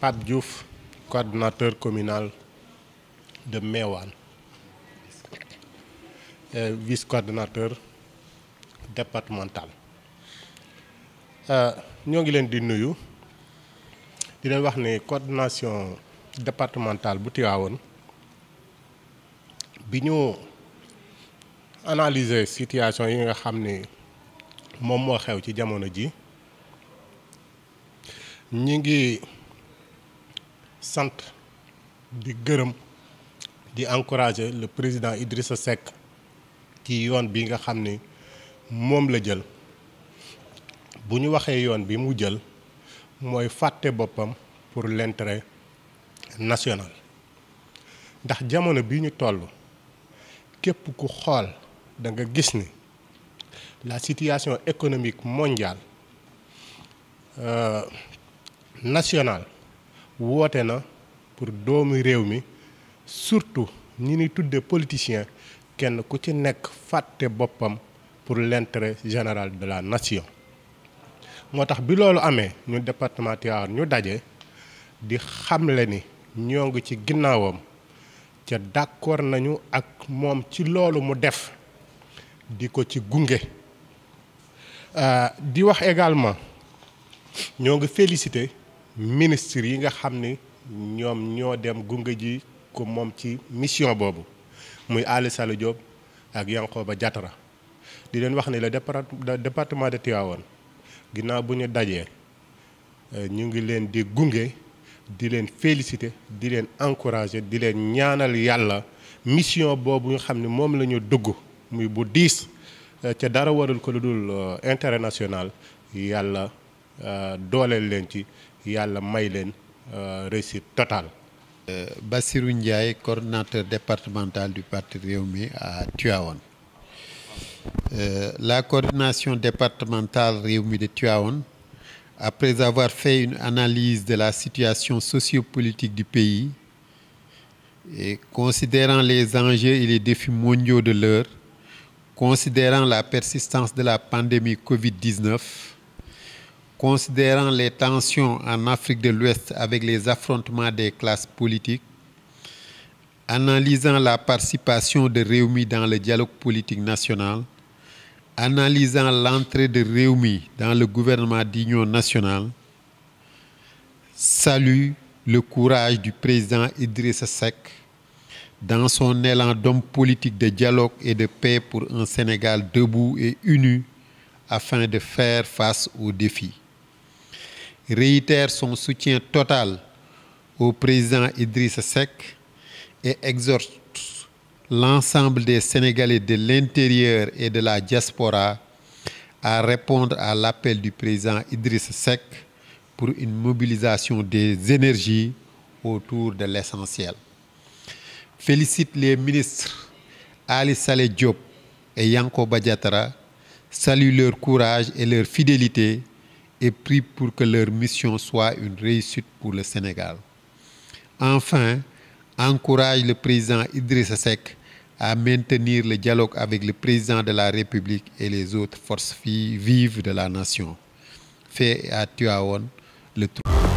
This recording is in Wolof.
Pape Diouf coordinateur communal de Mewane euh, vice-coordinateur départemental euh, ñoo ngi leen di nuyu di leen wax ni coordination départementale bu Tivaouane bi ñu analyser situation yi nga xam ne moom moo xew ci jamono ji ñi ngi sant di gërëm di encourager le président Idrissa Seck ci yoon bi nga xam ni moom la jël bu ñu waxee yoon bi mu jël mooy fàtte boppam pour l'intérêt national ndax jamono bi ñu toll képp ku xool da nga gis ni la situation économique mondiale euh, nationale woote na pour doomu réew mi surtout ñi ni tudde politicien kenn ku ci nekk fàtte boppam pour l'intérêt général de la nation moo tax bi loolu amee ñu département Tivaouane ñu daje di xamle ni ñoo ngi ci ginnaawam ca d'accord nañu ak moom ci loolu mu def di ko ci gunge euh, di wax également ñoo ngi féliciter ministre yi nga xam ni ñoom ñoo dem gunge ji ko moom ci mission boobu muy Aly Saleh Diop ak Yankhoba Diattara di leen wax ne le département de Tivaouane ginnaaw bu ñu dajee euh, ñu ngi leen di gunge di leen féliciter di leen encourager di leen ñaanal yàlla mission boobu nga xam ne moom la ñu dugg muy bu diis euh, ca dara warul ko lu dul euh, international yàlla dooleel leen ci yàlla may leen euh, réussir total euh, Bassirou Ndiaye coordonnateur départemental du parti Rewmi à Tuaon. Euh, la coordination départementale Rewmi de Tuaon, après avoir fait une analyse de la situation sociopolitique du pays et considérant les enjeux et les défis mondiaux de l'heure, considérant la persistance de la pandémie Covid-19, considérant les tensions en Afrique de l'Ouest avec les affrontements des classes politiques, analysant la participation de Réumi dans le dialogue politique national, analysant l'entrée de Réumi dans le gouvernement d'union nationale, salue le courage du président Idrissa Seck dans son élan d'homme politique de dialogue et de paix pour un Sénégal debout et uni afin de faire face aux défis. réitère son soutien total au président Idrissa Seck et exhorte l'ensemble des Sénégalais de l'intérieur et de la diaspora à répondre à l'appel du président idris Seck pour une mobilisation des énergies autour de l'essentiel. Félicite les ministres Ali Saleh Diop et Yanko Badiatara, salue leur courage et leur fidélité et prie pour que leur mission soit une réussite pour le Sénégal. Enfin, encourage le président Idrissa Seck à maintenir le dialogue avec le président de la République et les autres forces vives de la nation. Fait à Tuaon le trou.